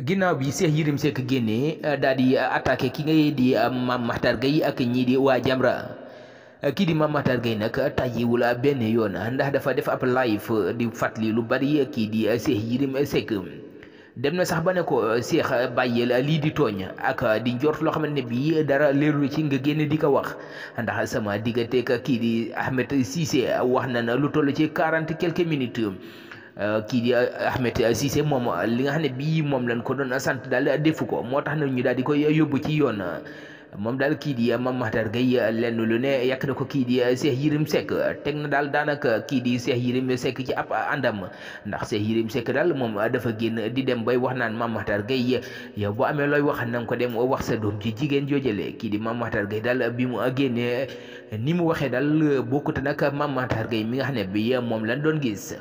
ginnaaw bi Cheikh Yérim Seck génnee euh, daal di euh, attaqué ki ngay di euh, maam Makhtar Gueye ak ñii di waa Jamra kii di Mame Makhtar Gueye nag tàyyiwul benn yoon ndax dafa def ab live di fàttali lu bari kii di Cheikh Yérim Seck dem na sax ba ne ko Cheikh bàyyil lii di tooñ ak di njort loo xamante ne bii dara leerul ci nga génn di ko wax ndax sama digganteeg kii di Ahmed Cissé wax na na lu toll ci quarante quelques minutes. Euh, kii di euh, Ahmed Cissé moom li nga xam ne bii moom lañ ko doon a sant daal defu ko moo tax na ñu daal di koy yóbbu ci yoon moom daal kii di Mame Makhtar Gueye lenn lu ne yàq ko kii di Cheikh Yérim Seck teg na daal daanaka kii di Cheikh Yérim Seck ci ab àndam ndax Cheikh Yérim Seck daal moom dafa génn di dem bay wax naan Mame Makhtar Gueye yow boo amee looy wax na nga ko dem wax sa doom ci jigéen joojale kii di Mame Makhtar Gueye daal bi mu génnee ni mu waxee daal boo bokkut nag Mame Makhtar Gueye mi nga xam ne bi moom lañ doon gis.